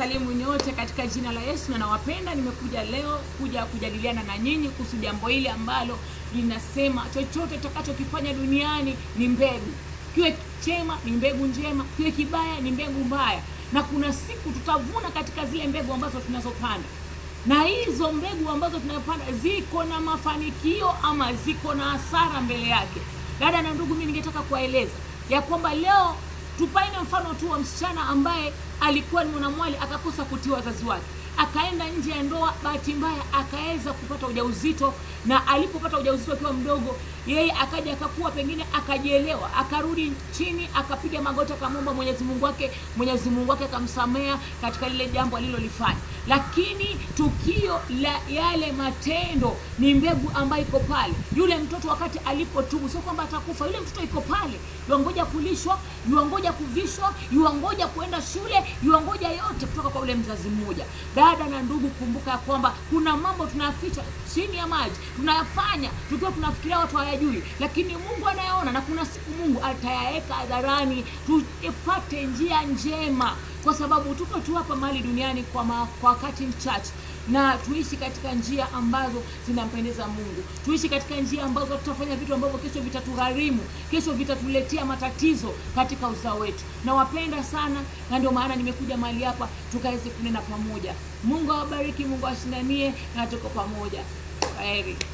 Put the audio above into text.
wasalimu nyote katika jina la Yesu na nawapenda. Nimekuja leo kuja kujadiliana na nyinyi kuhusu jambo hili ambalo linasema chochote tutakachokifanya duniani ni mbegu, kiwe chema ni mbegu njema, kiwe kibaya ni mbegu mbaya, na kuna siku tutavuna katika zile mbegu ambazo tunazopanda, na hizo mbegu ambazo tunazopanda ziko na mafanikio ama ziko na hasara mbele yake. Dada na ndugu, mimi ningetaka kuwaeleza ya kwamba leo Tupaine mfano tu wa msichana ambaye alikuwa ni mwanamwali akakosa kutii wazazi wake akaenda nje ya ndoa, bahati mbaya akaweza kupata ujauzito, na alipopata ujauzito akiwa mdogo, yeye akaja akakuwa, pengine akajielewa, akarudi chini, akapiga magoti, akamwomba Mwenyezi Mungu wake. Mwenyezi Mungu wake akamsamea katika lile jambo alilolifanya, lakini tukio la yale matendo ni mbegu ambayo iko pale. Yule mtoto wakati alipotubu, sio kwamba atakufa. Yule mtoto iko pale, yuangoja kulishwa, yuangoja kuvishwa, yuangoja kuenda shule, yuangoja yote kutoka yule mzazi mmoja. Dada na ndugu, kumbuka ya kwamba kuna mambo tunayaficha chini ya maji, tunayafanya tukiwa tunafikiria watu hawayajui, lakini Mungu anayaona, na kuna siku Mungu atayaweka hadharani. Tufate njia njema, kwa sababu tuko tu hapa mali duniani kwa wakati mchache na tuishi katika njia ambazo zinampendeza Mungu. Tuishi katika njia ambazo tutafanya vitu ambavyo kesho vitatugharimu, kesho vitatuletea matatizo katika uzao wetu. Nawapenda sana, na ndio maana nimekuja mahali hapa tukaweze kunena pamoja. Mungu awabariki, Mungu awashindanie, na tuko pamoja. Kwaheri.